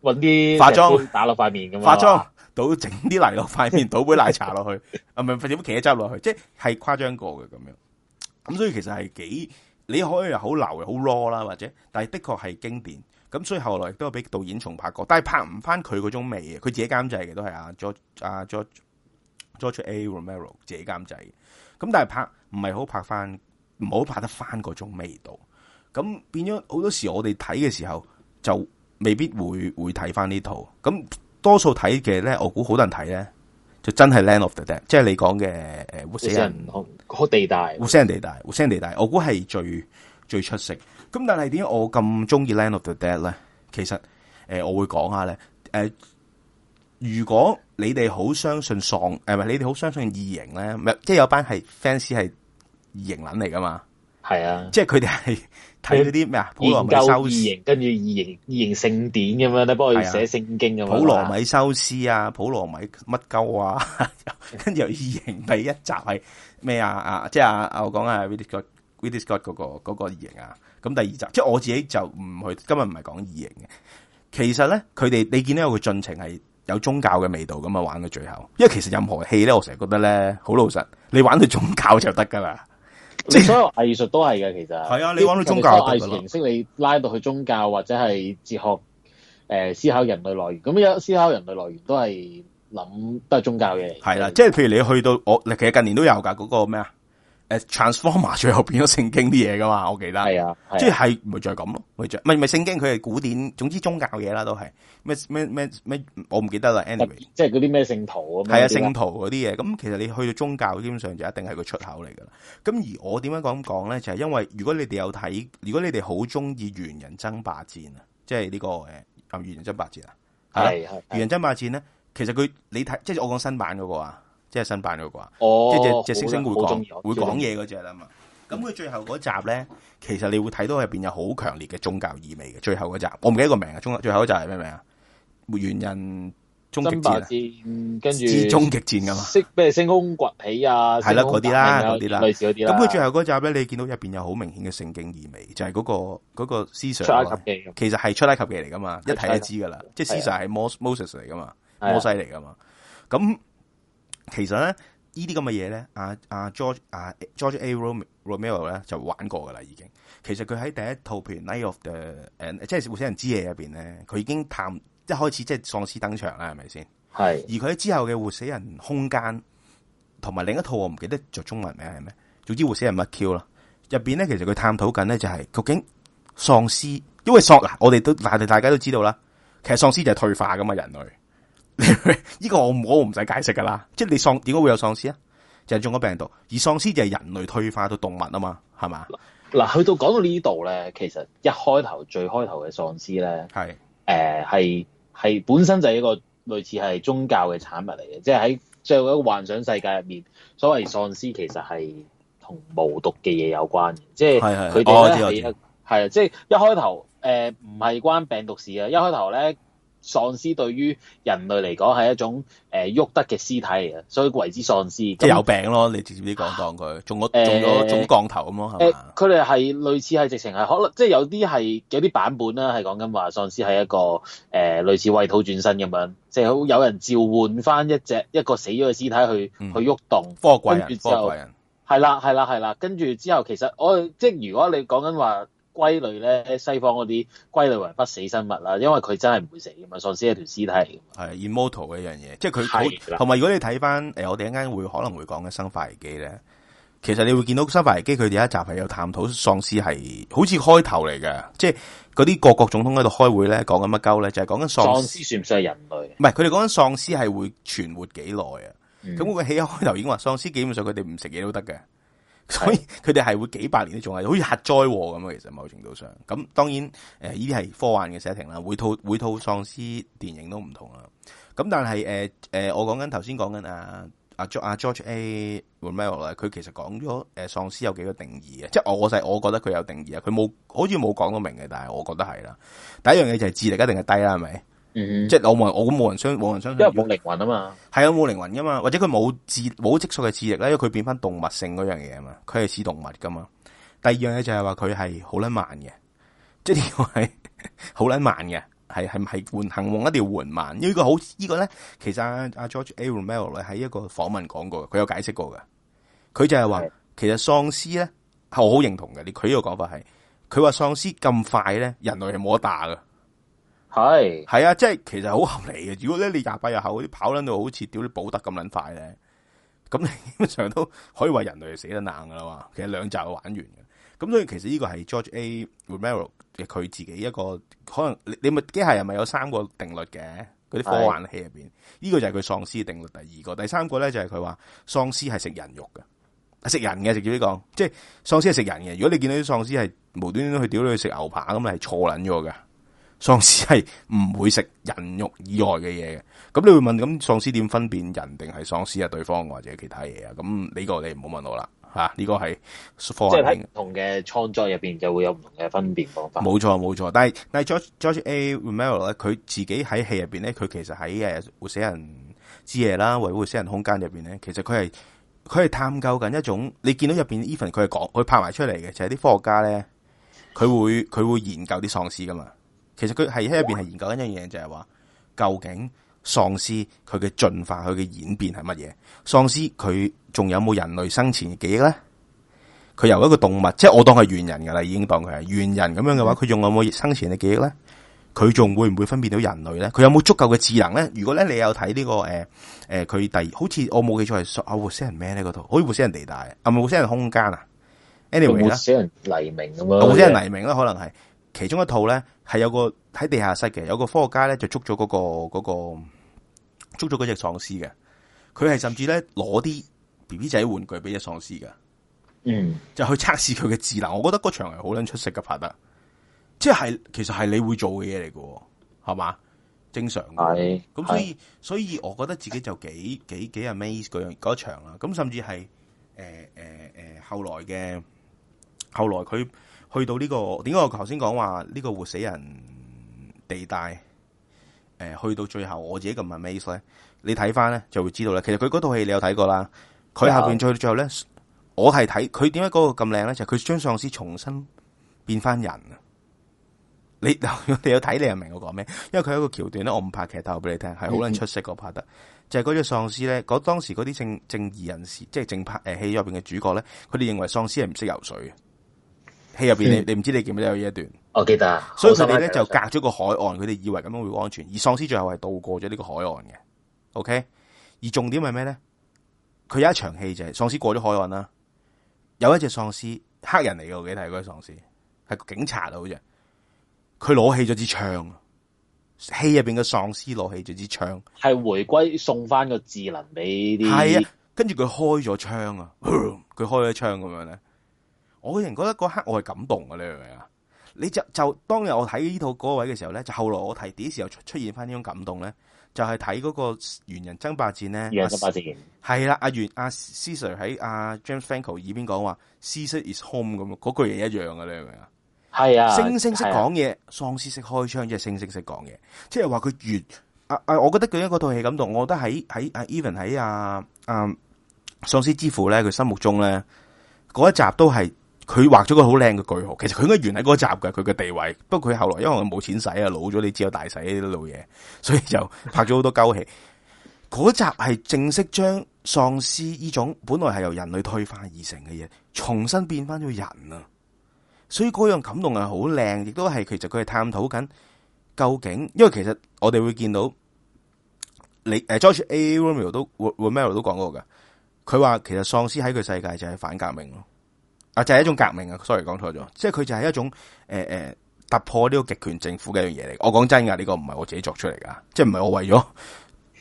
揾啲化妝打落塊面咁化妝。倒整啲嚟，落塊面，倒杯奶茶落去，唔係、 啊，或者茄汁落去，即係誇張過嘅咁樣。咁所以其實係幾，你可以好流嘅，好 raw 啦，或者，但係的確係經典。咁所以後來都有俾導演重拍過，但係拍唔翻佢嗰種味。佢自己監製嘅都係啊 George 啊 George A. Romero 自己監製。咁但係拍唔係好拍翻，唔好拍得翻嗰種味道。咁變咗好多時，我哋睇嘅時候就未必會會睇翻呢套咁。多數睇嘅咧，我估好多人睇咧，就真係 Land of the Dead，即係你講嘅誒，活、呃、死人，死人地帶，活死人地帶，活死人地帶，我估係最最出色。咁但係點解我咁中意 Land of the Dead 咧？其實誒、呃，我會講下咧，誒、呃，如果你哋好相信喪，誒唔係你哋好相信異形咧，即係有班係 fans 係異形撚嚟㗎嘛。係啊，即係佢哋係睇嗰啲咩啊？研究異形，跟住異形異形聖典咁樣咧，幫佢寫聖經噶嘛？普羅米修斯啊，普羅米乜鳩啊，跟住又異形第一集係咩啊？啊，即係啊，我講啊 Ridley Scott 嗰、嗰個異形啊。咁、那個、第二集，即係我自己就唔去。今日唔係講異形嘅，其實咧，佢哋你見到佢進程係有宗教嘅味道咁啊，樣玩到最後，因為其實任何戲咧，我成日覺得咧，好老實，你玩佢宗教就得噶啦。即係所有藝術都係嘅，其實係啊，你講到宗教藝術形式，你拉到去宗教或者係哲學誒、呃、思考人類來源，咁樣思考人類來源都係諗都係宗教嘅。係啦、啊，以即係譬如你去到我，其實近年都有噶嗰、那個咩啊？誒，transformer 最後變咗聖經啲嘢噶嘛？我記得，啊啊、即係係咪就係咁咯？咪就咪咪聖經佢係古典，總之宗教嘢啦，都係咩咩咩咩，我唔記得啦。anyway，即係嗰啲咩聖徒咁。係啊，聖、啊、徒嗰啲嘢，咁其實你去到宗教，基本上就一定係個出口嚟噶啦。咁而我點樣講講咧，就係、是、因為如果你哋有睇，如果你哋好中意《猿人爭霸戰》啊、就是這個，即係呢個誒，猿人爭霸戰啊，係係《猿人爭霸戰》咧，其實佢你睇，即係我講新版嗰個啊。即係新版嗰個，即係即係星星會講會講嘢嗰隻啦嘛。咁佢最後嗰集咧，其實你會睇到入邊有好強烈嘅宗教意味嘅。最後嗰集，我唔記得個名啊。終最後嗰集係咩名啊？末猿人終極戰，跟住終極戰噶嘛。即係星空崛起啊，係啦嗰啲啦，類似嗰啲啦，咁佢最後嗰集咧，你見到入邊有好明顯嘅聖經意味，就係嗰個嗰個思想。出埃及，其實係出埃及嚟噶嘛，一睇就知噶啦。即係思想係摩摩西嚟噶嘛，摩西嚟噶嘛。咁其實咧，呢啲咁嘅嘢咧，阿、啊、阿 George 啊 George A Romero 咧就玩過噶啦，已經。其實佢喺第一套譬如《Night of》誒，即係活死人之夜入邊咧，佢已經探一開始即係喪屍登場啦，係咪先？係是。而佢喺之後嘅活死人空間，同埋另一套我唔記得着中文名係咩，總之活死人乜 Q 啦。入邊咧，其實佢探討緊咧就係究竟喪屍，因為索嗱，我哋都，大家都知道啦，其實喪屍就係退化噶嘛，人類。呢 個我我唔使解釋噶啦，即係你喪點解會有喪屍啊？就係中咗病毒，而喪屍就係人類退化到動物啊嘛，係嘛？嗱，去到講到呢度咧，其實一開頭最開頭嘅喪屍咧，係誒係係本身就係一個類似係宗教嘅產物嚟嘅，即係喺最後一個幻想世界入面，所謂喪屍其實係同無毒嘅嘢有關嘅，即係佢哋咧係啊，即係、我知、一開頭誒唔係關病毒事啊，一開頭咧。喪屍對於人類嚟講係一種誒喐、呃、得嘅屍體嚟嘅，所以為之喪屍。即係有病咯，嗯、你直接啲講當佢，中咗中咗一種降、呃、頭咁咯，係嘛？誒，佢哋係類似係直情係可能，即係有啲係有啲版本啦，係講緊話喪屍係一個誒、呃、類似畏土轉身咁樣，正、就、好、是、有人召喚翻一隻一個死咗嘅屍體去、嗯、去喐動，動。科學怪人，科學怪人，係啦係啦係啦，跟住之後其實我即係如果你講緊話。歸類咧，西方嗰啲歸類為不死生物啦，因為佢真係唔會死嘅嘛，喪屍係條屍體係 immortal 嘅一樣嘢，即係佢同埋如果你睇翻誒，我哋一間會，會可能會講嘅《生化危機》咧，其實你會見到《生化危機》佢哋一集係有探討喪屍係好似開頭嚟嘅，即係嗰啲各國總統喺度開會咧，講緊乜鳩咧，就係講緊喪屍算唔算係人類？唔係，佢哋講緊喪屍係會存活幾耐啊？咁佢、嗯、起一開頭已經話，喪屍基本上佢哋唔食嘢都得嘅。所以佢哋係會幾百年都仲係好似核災禍咁啊！其實某程度上，咁當然誒，依啲係科幻嘅 setting 啦。每套每套喪屍電影都唔同啦。咁但係誒誒，我講緊頭先講緊阿阿 Jo 阿 George A. Romero 啦，佢其實講咗誒喪屍有幾個定義嘅，即係我細我覺得佢有定義啊，佢冇好似冇講到明嘅，但係我覺得係啦。第一樣嘢就係智力一定係低啦，係咪？嗯，mm hmm. 即係我冇人，我冇人相，冇人相信，因為冇靈魂啊嘛，係啊，冇靈魂噶嘛，或者佢冇智，冇激素嘅智力咧，因為佢變翻動物性嗰樣嘢啊嘛，佢係似動物噶嘛。第二樣嘢就係話佢係好捻慢嘅，即係呢個係好捻慢嘅，係係係換行路一定要緩慢。呢個好，這個、呢個咧，其實阿、啊、阿 George A. Romero 咧，喺一個訪問講過，佢有解釋過噶，佢就係話的其實喪屍咧係我好認同嘅，佢呢個講法係，佢話喪屍咁快咧，人類係冇得打噶。係係啊，即係其實好合理嘅。如果咧你廿八日後嗰啲跑捻到好似屌啲寶德咁捻快咧，咁你基本上都可以話人類係死得硬噶啦。其實兩集都玩完嘅，咁所以其實呢個係 George A. Romero 嘅，佢自己一個可能你你咪機械人咪有三個定律嘅，嗰啲科幻戲入邊，呢個就係佢喪屍定律第二個，第三個咧就係佢話喪屍係食人肉嘅，食人嘅，直接嚟講，即係喪屍係食人嘅。如果你見到啲喪屍係無端端去屌佢食牛扒咁啊，係錯捻咗嘅。喪屍係唔會食人肉以外嘅嘢嘅，咁你會問咁喪屍點分辨人定係喪屍啊？對方或者其他嘢啊？咁呢、啊、個你唔好問我啦，吓呢個係科唔同嘅創作入邊就會有唔同嘅分辨方法。冇錯冇錯，但係但係 George A. Romero 咧，佢自己喺戲入邊咧，佢其實喺誒活死人之夜啦，或者活死人空間入邊咧，其實佢係佢係探究緊一種你見到入邊 Even 佢係講佢拍埋出嚟嘅，就係、是、啲科學家咧，佢會佢會、會研究啲喪屍噶嘛。其實佢係喺入邊係研究緊一樣嘢，就係話究竟喪屍佢嘅進化、佢嘅演變係乜嘢？喪屍佢仲有冇人類生前記憶咧？佢由一個動物，即係我當係猿人噶啦，已經當佢係猿人咁樣嘅話，佢仲有冇生前嘅記憶咧？佢仲會唔會分辨到人類咧？佢有冇足夠嘅智能咧？如果咧你有睇呢個誒誒，佢、呃呃、第二好似我冇記錯係活死人咩咧嗰套《活死人地帶》啊，《活死人空間》啊？Anyway 咧，《活死人黎明》咁啊，《活死人黎明》啊啦，可能係。其中一套咧，係有個喺地下室嘅，有個科學家咧就捉咗嗰、嗰個、嗰個捉咗嗰隻喪屍嘅，佢係甚至咧攞啲 B B 仔玩具俾隻喪屍噶，嗯，就去測試佢嘅智能。我覺得嗰場係好捻出色嘅拍得，即係其實係你會做嘅嘢嚟嘅，係嘛，正常嘅。咁所以所以我覺得自己就幾幾幾 amazed 嗰樣嗰場啦。咁甚至係誒誒誒後來嘅後來佢。去到呢、這個點解我頭先講話呢個活死人地帶？誒、呃，去到最後我自己咁 m 咩意思咧？你睇翻咧就會知道啦。其實佢嗰套戲你有睇過啦。佢好下邊再最後咧，我係睇佢點解嗰個咁靚咧？就係佢將喪屍重新變翻人啊！你你有睇你又明我講咩？因為佢有一個橋段咧，我唔拍劇透俾你聽，係好撚出色 我拍得。就係嗰隻喪屍咧，嗰當時嗰啲正正義人士，即、就、係、是、正拍誒戲入邊嘅主角咧，佢哋認為喪屍係唔識游水嘅。戲入邊，面嗯、你你唔知你記唔記得有呢一段，我記得。所以佢哋咧就隔咗個海岸，佢哋以為咁樣會安全，而喪屍最後係渡過咗呢個海岸嘅。OK，而重點係咩咧？佢有一場戲就係喪屍過咗海岸啦，有一隻喪屍黑人嚟嘅，我記得嗰隻喪屍係警察啦，好似，佢攞起咗支槍。戲入邊嘅喪屍攞起咗支槍，係回歸送翻個智能俾啲，係啊，跟住佢開咗槍啊，佢、呃、開咗槍咁樣咧。我個人覺得嗰刻我係感動㗎。你明唔明啊？你就就當日我睇呢套嗰位嘅時候咧，就後來我睇幾時候出現翻呢種感動咧？就係睇嗰個猿人爭霸戰咧，原人係啦，阿袁阿 Cesar 喺阿 James Franco 耳邊、啊、講話，Cesar is home 咁嗰句嘢一樣㗎。你明唔明啊？係啊，猩猩識講嘢，喪屍識開槍，即係猩猩識講嘢，即係話佢越啊啊！我覺得佢一嗰套戲感動，我覺得喺喺啊 Even 喺啊嗯喪、啊、屍之父咧，佢心目中咧嗰一集都係。佢畫咗個好靚嘅句號，其實佢應該原喺嗰集嘅，佢嘅地位。不過佢後來因為冇錢使啊，老咗你知啊，大使呢啲老嘢，所以就拍咗好多鳩戲。嗰集係正式將喪屍呢種本來係由人類退化而成嘅嘢，重新變翻咗人啊！所以嗰樣感動係好靚，亦都係其實佢係探討緊究竟，因為其實我哋會見到你誒，George A. Romero 都 Romero 都講過噶，佢話其實喪屍喺佢世界就係反革命咯。啊，就係一種革命啊！sorry，講錯咗，即係佢就係一種誒誒、欸欸、突破呢個極權政府嘅樣嘢嚟。我講真噶，呢、這個唔係我自己作出嚟噶，即係唔係我為咗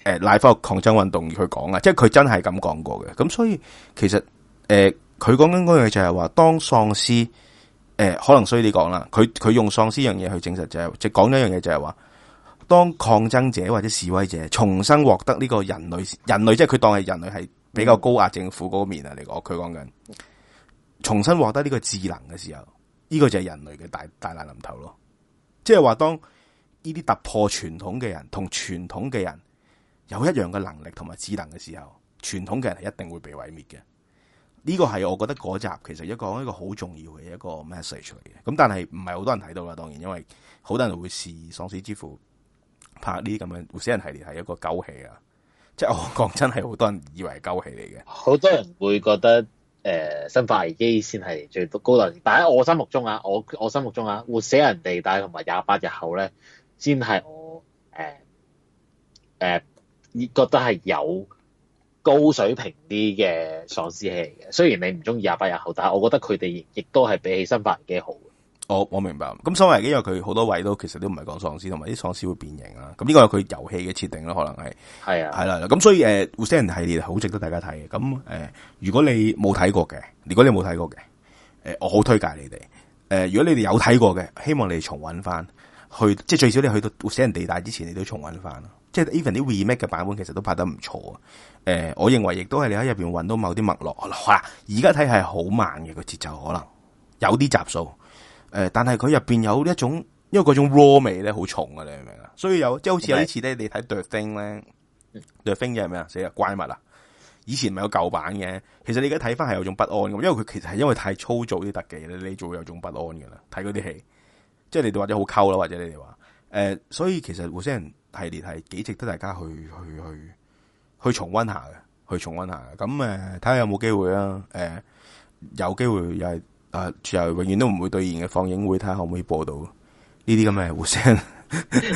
誒拉翻抗爭運動而去講啊！即係佢真係咁講過嘅。咁所以其實誒，佢講緊嗰樣嘢就係話，當喪屍誒，可能衰啲你講啦，佢佢用喪屍樣嘢去證實就係、是，即講咗一樣嘢就係話，當抗爭者或者示威者重新獲得呢個人類人類，即係佢當係人類係比較高壓政府嗰面啊！嚟個，佢講緊。重新獲得呢個智能嘅時候，呢個就係人類嘅大大難臨頭咯。即係話，當呢啲突破傳統嘅人同傳統嘅人有一樣嘅能力同埋智能嘅時候，傳統嘅人係一定會被毀滅嘅。呢個係我覺得嗰集其實一個一個好重要嘅一個 message 嚟嘅。咁但係唔係好多人睇到啦，當然因為好多人會視喪屍之父拍呢啲咁嘅活死人系列係一個狗戲啊。即係我講真，係好多人以為係狗戲嚟嘅。好多人會覺得。誒、呃、生化危機先係最高檔，但係我心目中啊，我我心目中啊，活死人地帶同埋廿八日後咧，先係我誒誒、呃、覺得係有高水平啲嘅喪屍戲嘅。雖然你唔中意廿八日後，但係我覺得佢哋亦都係比起生化危機好。我、oh, 我明白咁所謂，因為佢好多位都其實都唔係講喪屍，同埋啲喪屍會變形啊。咁呢個係佢遊戲嘅設定啦，可能係係啊，係啦。咁所以誒、呃 uh、，Hustler 系列好值得大家睇嘅。咁誒、呃，如果你冇睇過嘅，如果你冇睇過嘅，誒、呃，我好推介你哋。誒、呃，如果你哋有睇過嘅，希望你哋重溫翻去，即係最少你去到 Hustler 地帶之前，你都重溫翻。即係 even 啲 remake 嘅版本，其實都拍得唔錯啊。誒、呃，我認為亦都係你喺入邊搵到某啲脈絡。而家睇係好慢嘅個節奏，可能有啲雜數。誒，但係佢入邊有一種，因為嗰種 raw 味咧好重啊，你明唔明啊？所以有即係好似有啲次咧，你睇《The Thing》咧，《The Thing》嘅係咩啊？死啊，怪物啦！以前咪有舊版嘅，其實你而家睇翻係有種不安嘅，因為佢其實係因為太粗糙啲特技咧，你就會有種不安噶啦。睇嗰啲戲，即係你哋或者好溝啦，或者你哋話誒，所以其實《活死人》系列係幾值得大家去去去去重温下嘅，去重温下。咁誒，睇下有冇機會啊？誒、呃，有機會又係。誒，就、啊、永遠都唔會兌現嘅放映會，睇下可唔可以播到呢啲咁嘅活死人，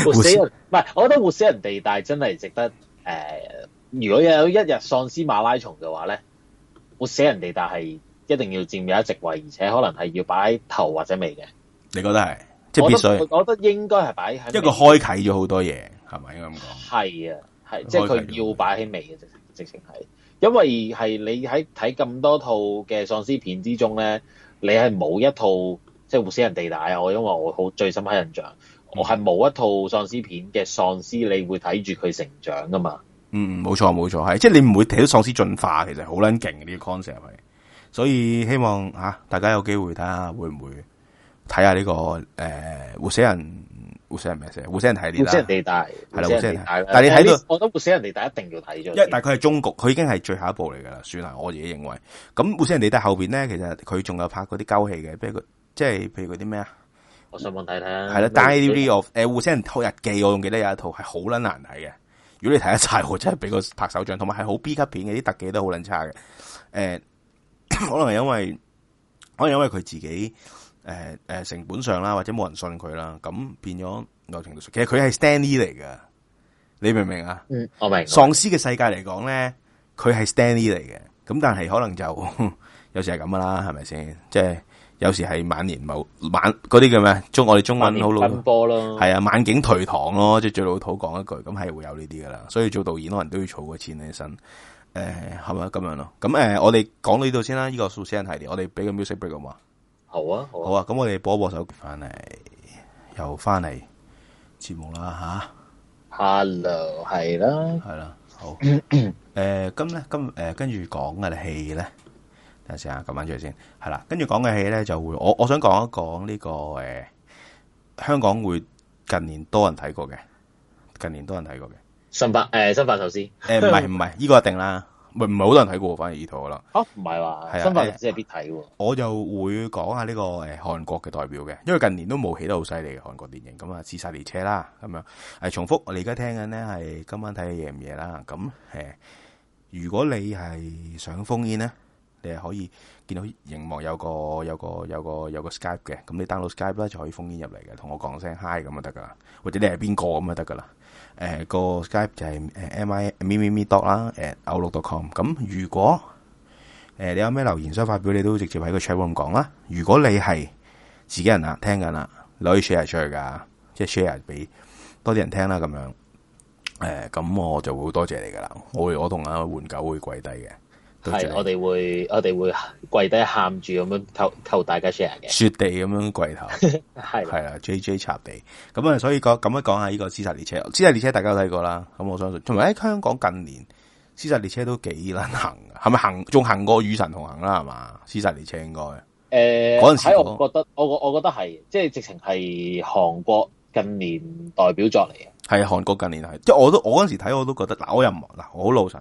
活死人唔係，我覺得活死人地帶真係值得誒、呃。如果有一日喪屍馬拉松嘅話咧，活死人地帶係一定要佔有一席位，而且可能係要擺頭或者尾嘅。你覺得係？即係必須？我覺得應該係擺喺一個開啟咗好多嘢，係咪應該咁講？係啊，係即係佢要擺喺尾嘅，直直情係，因為係你喺睇咁多套嘅喪屍片之中咧。你係冇一套即係活死人地帶啊！我因為我好最深刻印象，我係冇一套喪屍片嘅喪屍，你會睇住佢成長噶嘛？嗯，冇錯冇錯，係即係你唔會睇到喪屍進化，其實好撚勁呢個 concept 係咪？所以希望嚇、啊、大家有機會睇下、呢個，會唔會睇下呢個誒活死人？活死人係咩色？活死人睇列啦，地帶係啦，活死人地帶。但你睇到，我都活死人地帶一定要睇咗。但佢係中局，佢已經係最後一部嚟㗎啦，算啦。我自己認為，咁活死人地帶後邊咧，其實佢仲有拍嗰啲鳩戲嘅，比如佢即係，譬如嗰啲咩啊？我上網睇睇啦。係啦的，但係 Diary of》。誒活死人偷日記，我仲記得有一套係好撚難睇嘅。如果你睇得晒，我真係俾個拍手掌。同埋係好 B 級片嘅，啲特技都好撚差嘅。誒、呃， 可能係因為，可能因為佢自己。誒誒，成本上啦，或者冇人信佢啦，咁變咗某程度上，其實佢係 Stanley 嚟嘅，你明唔明啊？嗯，我明。喪屍嘅世界嚟講咧，佢係 Stanley 嚟嘅。咁但係可能就有時係咁噶啦，係咪先？即係有時係晚年某晚嗰啲叫咩？中我哋中文好老土播咯，係啊，晚景頹唐咯，即係最老土講一句，咁係會有呢啲噶啦。所以做導演可能都要儲個錢喺身。誒，係咪咁樣咯？咁誒，我哋講到呢度先啦。呢個蘇珊系列，我哋俾個 music break 話。好啊，好啊，咁、啊、我哋播一播手碟翻嚟，又翻嚟節目啦吓。啊、Hello，係啦，係啦，好。誒、 呃，今咧，今誒，跟住講嘅戲咧，等陣先，撳翻出嚟先。係啦，跟住講嘅戲咧，就會我我想講一講呢、這個誒、呃，香港會近年多人睇過嘅，近年多人睇過嘅。生化誒，生化壽司誒，唔係唔係，依、 呃這個就定啦。唔係係好多人睇過，反而呢套啦。吓，唔係話，係啊，真係即係必睇，啊。我就會講下呢、呢個誒、呃、韓國嘅代表嘅，因為近年都冒起得好犀利嘅韓國電影，咁啊《屍殺列車》啦，咁樣、呃。重複，我哋而家聽緊呢係今晚睇戲夜唔夜啦。咁誒、呃，如果你係想封煙呢，你係可以見到熒幕有個有個有個有個 Skype 嘅，咁你 download Skype 啦，就可以封煙入嚟嘅。同我講聲 Hi 咁就得噶，或者你係邊個咁就得噶啦。誒、呃、那個 skype 就係誒 mi 咪咪咪 dot 啦，誒牛六 dot com。咁如果誒、呃、你有咩留言想發表，你都直接喺個 chatroom 講啦。如果你係自己人啦，聽緊啦，你可以 share 出去噶，即係 share 俾多啲人聽啦。咁樣咁、呃、我就會好多謝你噶啦。我我同阿換狗會跪低嘅。係我哋會，我哋會跪低喊住咁樣求求大家 share 嘅雪地咁樣跪頭，係係 J J 插地咁啊！所以講咁樣講下呢個《屍殺列車》嗯，《屍殺列車》大家都睇過啦。咁我相信，同埋喺香港近年《屍殺列車》都幾難行，係咪行仲行，行過《與神同行》啦？係嘛，《屍殺列車應該》應該誒，嗰陣時我、欸、我覺得，我我覺得係即係直情係韓國近年代表作嚟嘅。係韓國近年係，即係我都我嗰陣時睇，我都覺得嗱，我又唔嗱，好老實。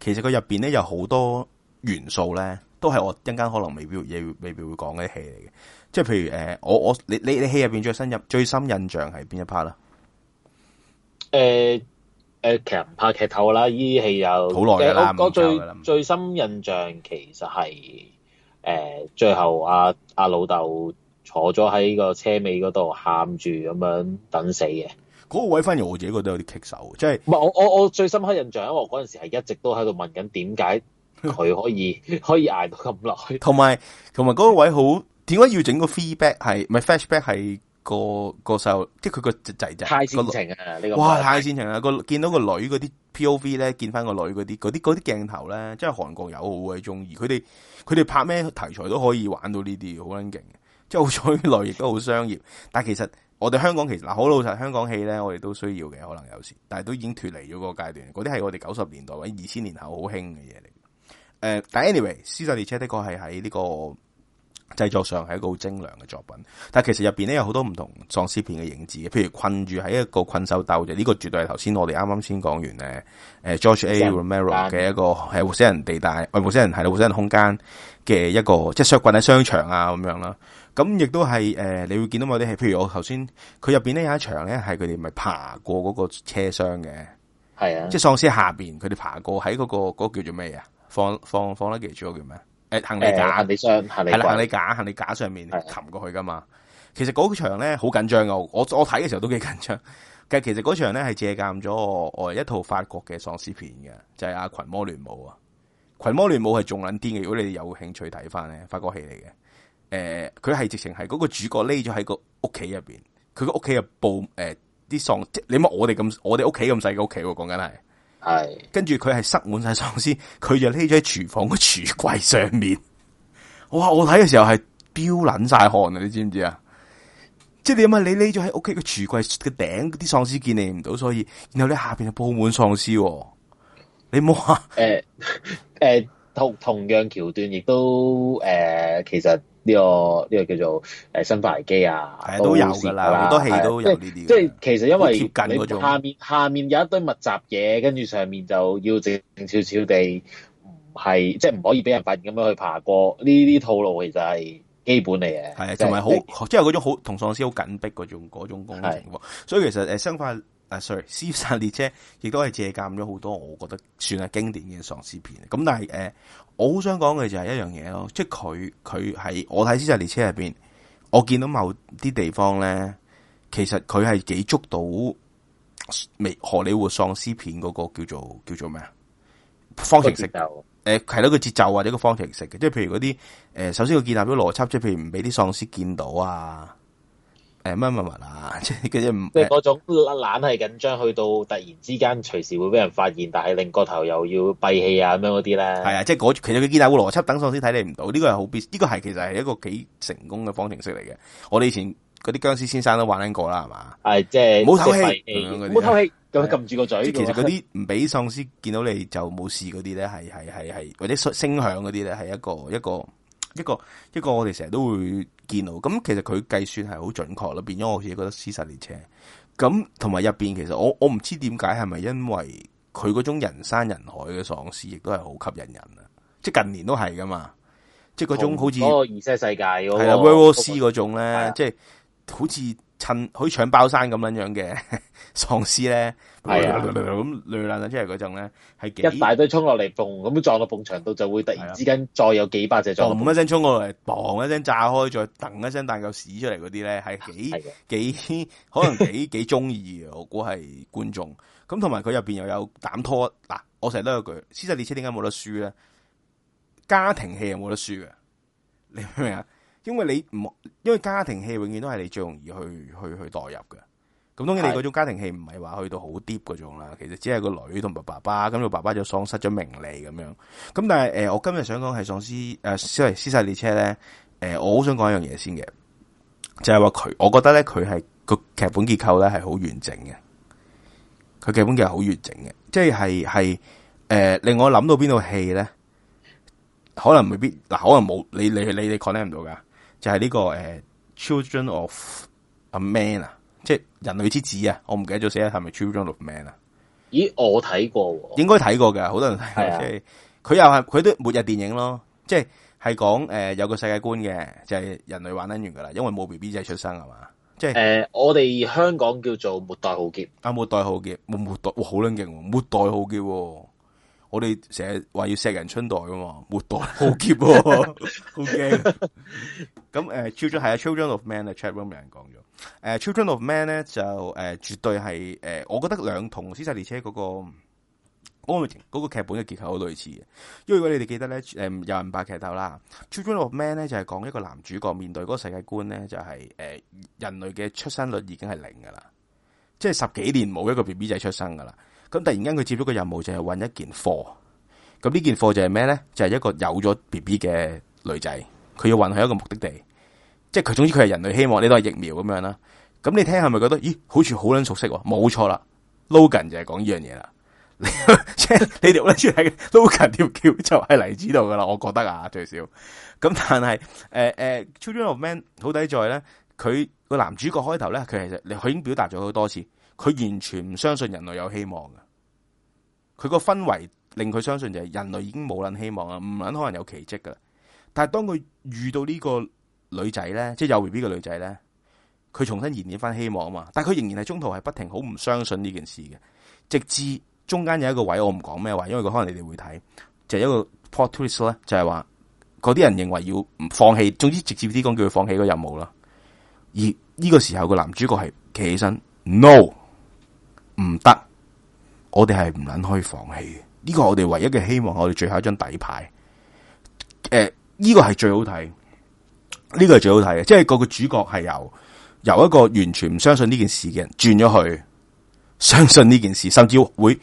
其實佢入邊咧有好多元素咧，都係我陣間可能未必嘢，未必會講啲戲嚟嘅。即係譬如誒，我我你你你戲入邊最深入、最深印象係邊一 part 啦？誒誒、呃呃，其實唔怕劇透啦，依戲又好耐啦。最最深印象其實係誒、呃，最後阿、啊、阿、啊、老豆坐咗喺個車尾嗰度，喊住咁樣等死嘅。嗰位反而我自己覺得有啲棘手，即係唔係我我我最深刻印象，因為我嗰陣時係一直都喺度問緊點解佢可以 可以捱到咁耐，同埋同埋嗰個位好點解要整個 feedback 係咪 flashback 係個個細路，即係佢、個仔仔哇太煽情啊！呢、個哇太煽情啊！個見到個女嗰啲 POV 咧，見翻個女嗰啲嗰啲嗰啲鏡頭咧，真係韓國友好鬼中意佢哋，佢哋拍咩題材都可以玩到呢啲好撚勁，即係好催淚亦都好商業， 但係其實。我哋香港其實嗱，好老實，香港戲咧，我哋都需要嘅，可能有時，但係都已經脫離咗個階段，嗰啲係我哋九十年代或者二千年後好興嘅嘢嚟。誒，但 anyway，屍殺列車的確係喺呢個。製作上係一個好精良嘅作品，但係其實入邊咧有好多唔同嘅喪屍片嘅影子，譬如困住喺一個困獸鬥啫，呢、這個絕對係頭先我哋啱啱先講完誒誒 George A Romero 嘅一個係活死人地帶，活死人係咯，活死人空間嘅一個，即係削棍喺商場啊咁樣啦。咁亦都係誒、呃，你會見到某啲係譬如我頭先佢入邊呢有一場咧係佢哋咪爬過嗰個車廂嘅，係是啊，即係喪屍下邊佢哋爬過喺嗰、那個嗰、那個、叫做咩啊？放放放得幾住嗰個叫咩？行李架，行李箱，行李。係啦，行李架，行李架上面擒過去噶嘛。的其實嗰場咧好緊張噶，我我睇嘅時候都幾緊張。緊張，其實嗰場咧係借鑑咗我一套法國嘅喪屍片嘅，就係、是《群魔亂舞》啊，《群魔亂舞》係仲撚癲嘅。如果你有興趣睇翻咧，法國戲嚟嘅。誒、呃，佢係、嗯、直情係嗰個主角匿咗喺個屋企入邊，佢個屋企入部，誒、呃、啲喪，你冇我哋咁，我哋屋企咁細個屋企喎，講緊係。係，跟住佢係塞滿晒喪屍，佢就匿咗喺廚房個櫥櫃上面。哇！我睇嘅時候係飆撚晒汗啊！你知唔知啊？即係點解，你匿咗喺屋企嘅櫥櫃嘅頂，啲喪屍見你唔到，所以然後你下邊就佈滿喪屍。你話誒誒。欸同同樣橋段，亦都誒、呃，其實呢、這個呢、這個叫做誒生化危機啊，都有㗎啦，好多戲都有呢啲。即係其實因為你下面近種下面有一堆密集嘢，跟住上面就要靜悄悄地，係即係唔可以俾人發現咁樣去爬過。呢啲套路其實係基本嚟嘅，係啊的，同埋好即係嗰種好同喪屍好緊逼嗰種嗰種工情況，的所以其實誒、呃、生化。啊，sorry，屍殺列車亦都係借鑒咗好多，我覺得算係經典嘅喪屍片。咁但係誒、呃，我好想講嘅就係一樣嘢咯，即係佢佢喺我睇屍殺列車入邊，我見到某啲地方咧，其實佢係幾捉到未荷里活喪屍片嗰個叫做叫做咩啊？方程式誒係咯，個節，呃、個節奏或者個方程式嘅，即係譬如嗰啲誒，首先要建立咗邏輯，即係譬如唔俾啲喪屍見到啊。誒乜乜乜啦， 即係嗰啲，即係嗰種懶係緊張，去到突然之間隨時會俾人發現，但係擰個頭又要閉氣啊咁樣嗰啲咧，係啊，即係嗰、那個、其實嘅機密會邏輯等喪屍睇你唔到，呢個係好必，呢個係其實係一個幾成功嘅方程式嚟嘅。我哋以前嗰啲僵屍先生都玩緊過啦，係嘛？係即係冇唞氣，冇唞氣，咁撳住個嘴是的。其實嗰啲唔俾喪屍見到你就冇事嗰啲咧，係係係係或者聲聲響嗰啲咧，係一個一個。一個一個一個我哋成日都會見到，咁其實佢計算係好準確啦，變咗我自己覺得屍殺列車咁，同埋入邊其實我我唔知點解係咪因為佢嗰種人山人海嘅喪屍亦都係好吸引人啊！即係近年都係噶嘛，即係嗰種好似二世世界係、那個、啊、那個、World War C 嗰種咧，即係、那個、好似。好似搶包山咁樣樣嘅喪屍咧，係啊，咁亂爛出嚟嗰種咧，係一大堆沖落嚟，蹦咁樣撞到蹦牆度，就會突然之間再有幾百隻撞，嘣、yeah. 一聲沖過嚟，嘣一聲炸開，再噔一聲彈嚿屎出嚟嗰啲咧，係幾幾可能幾幾中意嘅，我估係觀眾。咁同埋佢入邊又有膽拖嗱，我成日都有句《屍殺列車》點解冇得輸咧？家庭戲又冇得輸嘅，你明唔明啊？因為你唔，因為家庭戲永遠都係你最容易去去去代入嘅。咁當然你嗰種家庭戲唔係話去到好 deep 嗰種啦，其實只係個女同埋爸爸，咁個爸爸就喪失咗名利咁樣。咁但係誒、呃，我今日想講係喪屍誒，即係《屍殺列車》咧。誒，我好想講一樣嘢先嘅，就係話佢，我覺得咧佢係個劇本結構咧係好完整嘅。佢劇本結構係好完整嘅，即係係誒令我諗到邊套戲咧，可能未必嗱，可能冇你你你你 connect 唔到噶。你你就係呢個誒，Children of a Man 啊，即係人類之子啊，我唔記得咗寫係咪 Children of Man 啊？咦，我睇過，過，過，應該睇過嘅，好多人睇過，即係佢又係佢都末日電影咯，即係係講誒有個世界觀嘅，就係、是、人類玩完噶啦，因為冇 B B 仔出生係嘛，即係誒、呃、我哋香港叫做末代浩劫，啊末代浩劫，末末代哇好捻勁，末代浩劫。我哋成日話要石人春代噶嘛，沒代，好 keep，好驚。咁誒，children 係啊、 嗯，children of man 咧，chat room 有人講咗。誒，children of man 咧就誒，絕對係誒、嗯，我覺得兩同《屍殺列車》嗰個，嗰、那個劇本嘅結構好類似嘅。因為如果你哋記得咧，誒、呃，有人唔怕劇透啦，《children of man》咧就係講一個男主角面對嗰個世界觀咧、就是，就係誒，人類嘅出生率已經係零噶啦，即、就、係、是、十幾年冇一個 B B 仔出生噶啦。咁突然間佢接到個任務就係揾一件貨，咁呢件貨就係咩咧？就係、是、一個有咗 B B 嘅女仔，佢要運去一個目的地，即係佢總之佢係人類希望呢都係疫苗咁樣啦。咁你聽係咪覺得咦？好似好撚熟悉？冇錯啦，Logan 就係講呢樣嘢啦。即係 你哋溫住 Logan 條橋就喺黎子度噶啦，我覺得啊最少。咁但係誒誒、呃、Children of Men 好抵在咧，佢個男主角開頭咧，佢其實佢已經表達咗好多次，佢完全唔相信人類有希望嘅。佢個氛圍令佢相信就係人類已經冇撚希望啊，唔撚可能有奇跡噶。但係當佢遇到呢個女仔咧，即係有 BB 嘅女仔咧，佢重新燃點翻希望啊嘛。但係佢仍然係中途係不停好唔相信呢件事嘅，直至中間有一個位我唔講咩話，因為佢可能你哋會睇，就係、是、一個 plot twist 咧，就係話嗰啲人認為要唔放棄，總之直接啲講叫佢放棄個任務啦。而呢個時候個男主角係企起身，no，唔得。我哋係唔撚可以放棄嘅，呢個我哋唯一嘅希望，我哋最後一張底牌。誒、呃，呢個係最好睇，呢個係最好睇嘅，即係個個主角係由由一個完全唔相信呢件事嘅人轉咗去相信呢件事，甚至會。